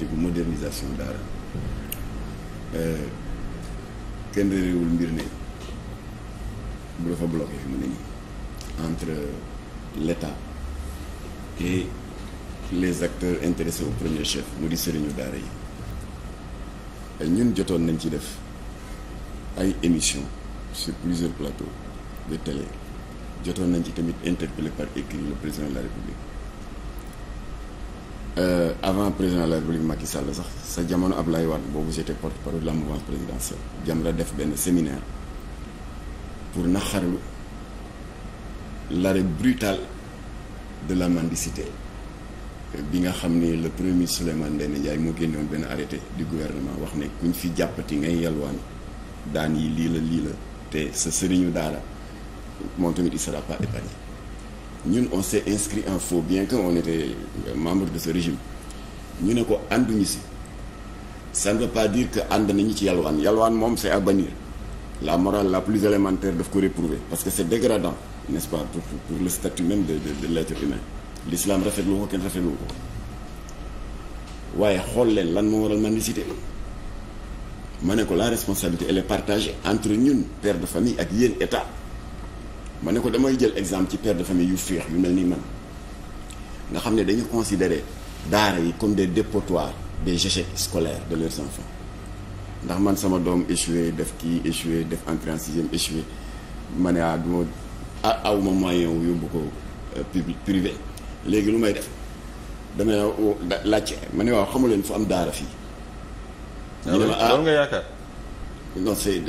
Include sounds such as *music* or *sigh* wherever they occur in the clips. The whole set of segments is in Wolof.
politique modernisation daara euh, kenn réewul mbir ne bu dafa bloqué fi mu ne nii entre l'État et les acteurs intéressés au premier chef mu di sëriñu daara yi ñun jotoon nañ ci def ay émissions sur plusieurs plateaux de télé jotoon nañ ci tamit interpellé par écrit le président de la République euh, avant président de la République Macky Sall sax sa jamono Ablaye Wade boobu j'étais porte la de la mouvance présidentielle la def benn séminaire pour naxarlu l'arrêt brutal de la mendicité bi nga xam ni le premier ministre Souleymane Ndéné Ndiaye moo génnoon benn arrêté di gouvernement wax ne kuñ fi jàppati ngay yalwaani daan yi lii la lii la te sa sëriñu daara moom tamit il sera pas ñun on s'est inscrit en faux bien que on était membre de ce régime ñu ne ko ànduñu si ça ne veut pas dire que ànd nañu ci yalwaan yalwaan moom c'est à bannir la morale la plus élémentaire daf ko réprouver parce que c'est dégradant n'est-ce pas pour, pour, pour le statut de de, de l'être humain l'islam ko kenn rafetlu ko waaye xool leen lan moo waral mendicité ma ne ko la responsabilité elle est partage entre ñun père de famille ak yéen état ma ne ko damay jël exemple ci père de famille yu fiix yu mel ni man nga xam ne dañu considérer daara yi comme des dépotoirs des échecs scolaires de leurs enfants ndax man sama doom échoué def kii échoué def entrée en sixième échoué ma ne ah du ma ah, awma moyen yóbbu ko euh, public privé léegi lu may def damay oh, laajte ma ne waaw xamu leen fu am daara fii. Ah ñu ne ma ah loolu nga yaakaar.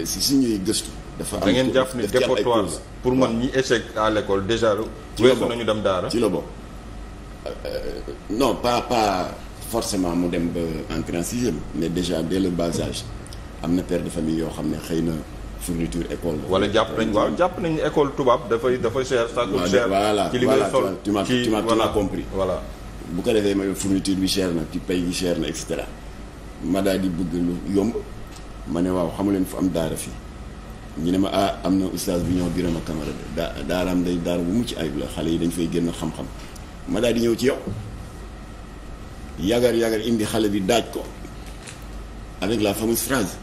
si suñuy gëstu. dafa am ngeen jàpp ni dépotoir pour man ñi échec à l'école déjà weesu nañu dem daara ci la bokk euh, non pas pas forcément mu dem ba en grand sixième mais déjà le bas am na père de famille yoo xam ne xëy na fourniture école wala jàpp nañ waaw jàpp nañ école tubaab dafay dafa cher ça coûte cher ci li ngay sol tu m'as tu m'as compris voilà bu ko defee may fourniture bi cher na ci pay gi cher na et cetera ma daal di bëgg lu yomb ma ne waaw xamu leen fu am daara fii ñu ne ma ah am na oustaz bu ñëw Birama Kamara daa daaraam day daara bu mucc ayib la xale yi dañ fay génn xam-xam ma daal di ñëw ci yow yagar yagar indi xale bi daaj ko avec la fameuse phrase.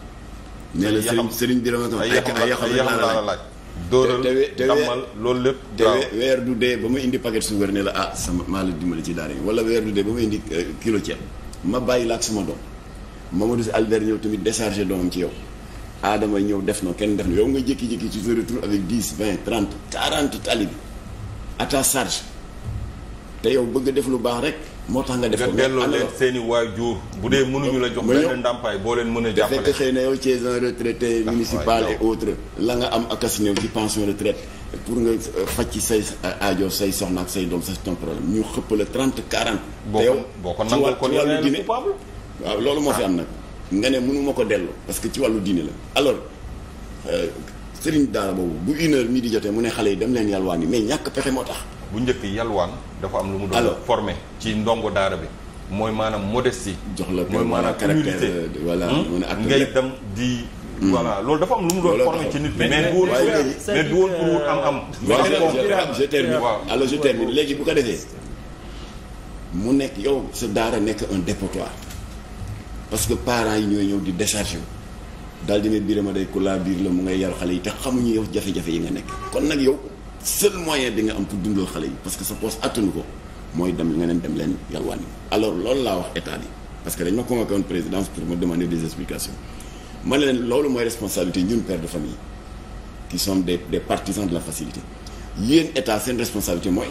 nee na Serigne Serigne Birama Kamara ay yaxam la laaj dóoral dammal loolu lépp te weer du dee ba ma indi paquet suukar ne la ah sama maa la dimbali ci daara yi wala weer du dee ba ma indi kilo ceeb ma bàyyi la ak sama doom Mamadou Albert ñëw tamit déchargé doomam ci yow aadama ñëw def na kenn def na yow nga jëkki jékki ci se retrouve avec dix vingt trente quarante tali à ta charge te yow bëgg def lu baax rek moo tax nga def ko delloo leen seen i waajur bu dee mënuñu la jox benn ndàmpaay boo leen mën a jàppale fekk xëy na yow ci un retraité ah, municipal et autres la nga am akasinéw ci pension retraite pour nga euh, faj ci say euh, aajo say soxna ak say doom c'est un ñu xëpp la trente quarante te yow boo ko nangul ko waaw loolu moo fi am nag nga ne mënuma ko dellu parce que ci wàllu diine la alors euh, sëriñ daara boobu bu une heure di jotee mu ne xale yi dem leen yalwaan yi mais ñàkk pexe moo tax bu njëkk yalwaan dafa am lu mu doon formé ci ndongo daara bi mooy maanaam modestie jox la mooy maanaam humilité euh, voilà hmm? ngay di hmm. voilà loolu dafa am lu mu doon formé ci nit mais du woon léegi bu ko defee mu nekk yow sa daara nekk un dépotoir parce que parents yi ñooy ñëw di décharge wu daal di ne Birama day ku laa biir la mu ngay yar xale yi te xamuñu yow jafe-jafe yi nga nekk kon nag yow seul moyen bi nga am pour dundal xale yi parce que sa poche attanu ko mooy dem nga leen dem leen yalwaan alors loolu laa wax état bi parce que dañ ma convoqué woon présidence pour me demander des explications ma ne leen loolu mooy responsabilité ñun père de famille qui sont des des de la facilité yéen état seen mooy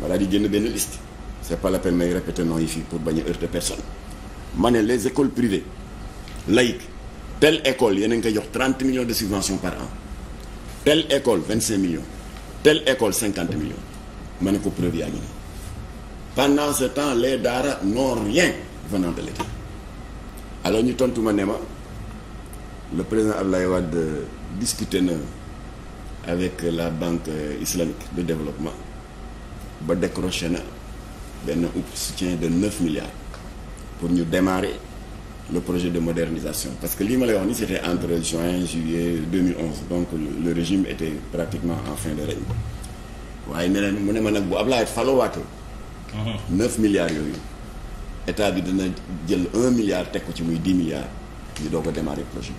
walla di génn benn liste c'est pas la peine fii pour bañ a heurter ma ne les écoles privées laïques tel école yéen a ngi koy jox trente millions de subventions par an tel école 25 millions telle école 50 millions ma ne ko preuve yaa ngi nii pendant ce temps les daara n'ont rien venant de l'État alors ñu tontu ma ne ma le président Abdoulaye Wade discuté na avec la banque islamique de développement ba décroché na benn soutien de 9 milliards pour ñu démarrer le projet de modernisation parce que lii ma lay wax ni c'était entre juin juillet 2011 donc le régime était pratiquement en fin de règne waaye ne leen mu ne ma nag bu Ablaye falowaatee. 9 uh-huh. milliards yooyu état bi dina jël 1 milliard teg ko ci muy 10 milliards ñu doog a démarrer projet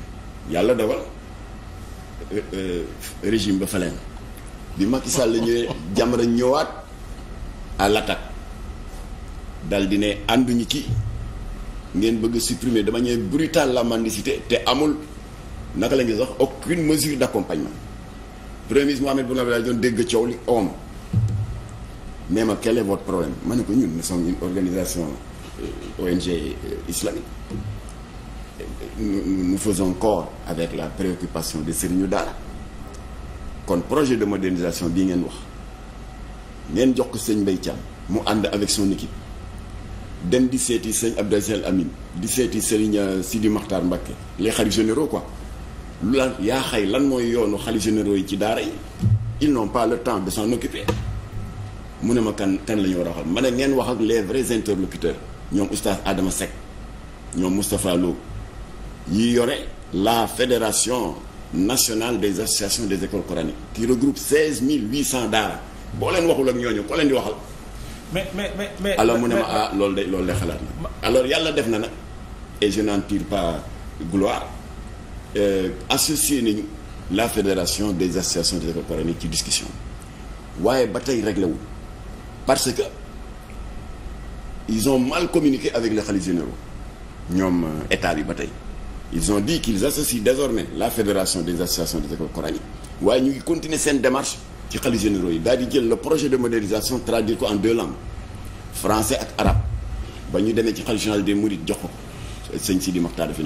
yàlla dogal euh, euh, régime ba faleen bi Macky Sall la ñëwee *laughs* ñëwaat à l'attaque dal di ne ànduñu ci. ngeen bëgg supprimer de manière brutale la mendicité te amul naka la ngi sax aucune mesure d'accompagnement premier ministre Mohamed Boun Abdallah Dionne dégg coow li oom mais ma quel problème ma ne ko ñun nous sommes une organisation euh, ONG euh, islamique nous faisons corps avec la préoccupation de sëriñu daal kon projet de modernisation bii ngeen wax ngeen jox ko sëñ Mbaye mu ànd avec son équipe dem di seeti sëñ Abdou Aziz Amin di seeti Serigne euh, Sidi Makhtar Mbacké les xalifes généraux quoi lu la yaa xay lan mooy yoonu xalifes généraux yi ci daara yi ils n'ont pas le temps de s'en occuper mu ne ma kan kan la ñu war a waxal ma ne ngeen wax ak les vrais interlocuteurs ñoom oustaz Adama Seck ñoom Moustapha Lo yi yore la fédération nationale des associations des écoles coraniques qui regroupe cent daara boo leen waxul ak ñooñu ko leen di waxal mais mais mais mais alors mu ne ma ah loolu de loolu de xalaat na alors yàlla def na nag et je n'en tire pas gloire euh, associé nañu la fédération des associations des écoles coraniques ci discussion waaye ba tey réglé wul parce que ils ont mal communiqué avec les khalifes généraux ñoom euh, état bi ba tey ils ont dit qu'ils associent désormais la fédération des associations des écoles coraniques waaye ñu ngi continuer seen démarche ci xalifa généraux yi daal di jël le projet de modernisation traduire ko en deux langues français ak arab ba ñu demee ci xalifa général des mourides jox ko sëñ Sidi Mokhtar dafa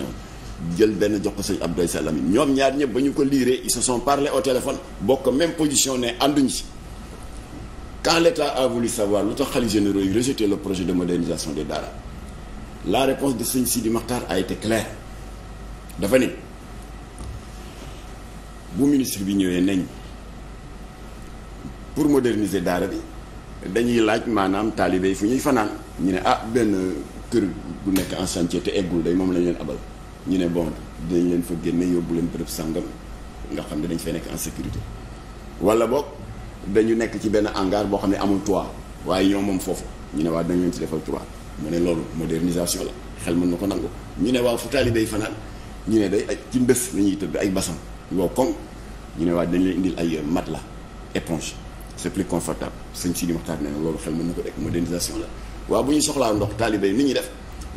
jël benn jox ko sëñ Abdoulaye Salam ñoom ñaar ñëpp ba ñu ko liiree ils se sont parlé au téléphone bokk même position ne ànduñu si quand l'État a lu tax xalifa généraux yi rejeté le projet de modernisation des daara la réponse de sëñ Sidi Mokhtar a été claire dafa ne bu ministre bi ñëwee nañ. pour moderniser daara bi dañuy laaj maanaam taalibe yi fu ñuy fanaan ñu ne ah benn kër bu nekk en chantier te eggul day moom lañ leen abal ñu ne bon dinañ leen fa génne yóbbu leen bërëb sàngam nga xam ne dañu fay nekk en sécurité wala boog dañu nekk ci benn hangar boo xam ne amul toit waaye ñoo moom foofu ñu ne waa dañ leen ci defal toit mu ne loolu modernisation la xel mën na ko nangu ñu ne waaw fu taalibe yi fanaan ñu ne day ay ci mbés la ñuy tëdd ay basam wow ñu ne waa dañ indil ay matelas éponge c'est plus confortable sëñ Sidi Mokhtar nee na loolu xel mën na ko dekk modernisation la waaw bu ñu soxlaa ndox taalibe yi ni ñuy def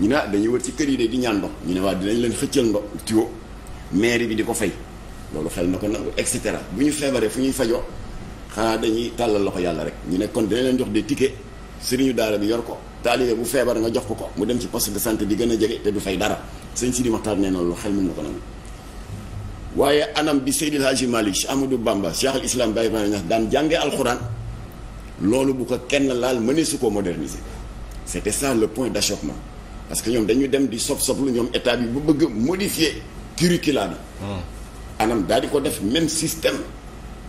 ñu ne ah, dañuy wër ci kër yi de di ñaan ndox ñu ne waa dinañ leen xëccal ndox tuyau mairie bi di ko fay loolu xel na ko nangu et cetera bu ñu feebaree fu ñuy fajoo xanaa dañuy tàllal loxo yàlla rek ñu ne kon dinañ leen jox des tickets sëriñu daara bi yor ko taalibe bu feebar nga jox ko ko mu dem ci poste de santé di gën a jege te du fay dara sëñ Sidi Mokhtar nee na loolu xel ko nangu waaye anam bi Seydil Hadji Malick si Amadou Bamba Cheikh al Islam Baye Ibrahima Niass daan jàngee alxuraan loolu bu ko kenn laal mënee su ko moderniser c'était ça le point d'achoppement parce que ñoom dañu dem di sob soblu ñoom état bi bu bëgg modifier curricula bi hmm. anam daal di ko def même système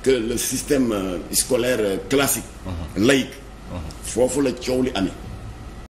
que le système euh, scolaire euh, classique hmm. laïque hmm. foofu la coow li amee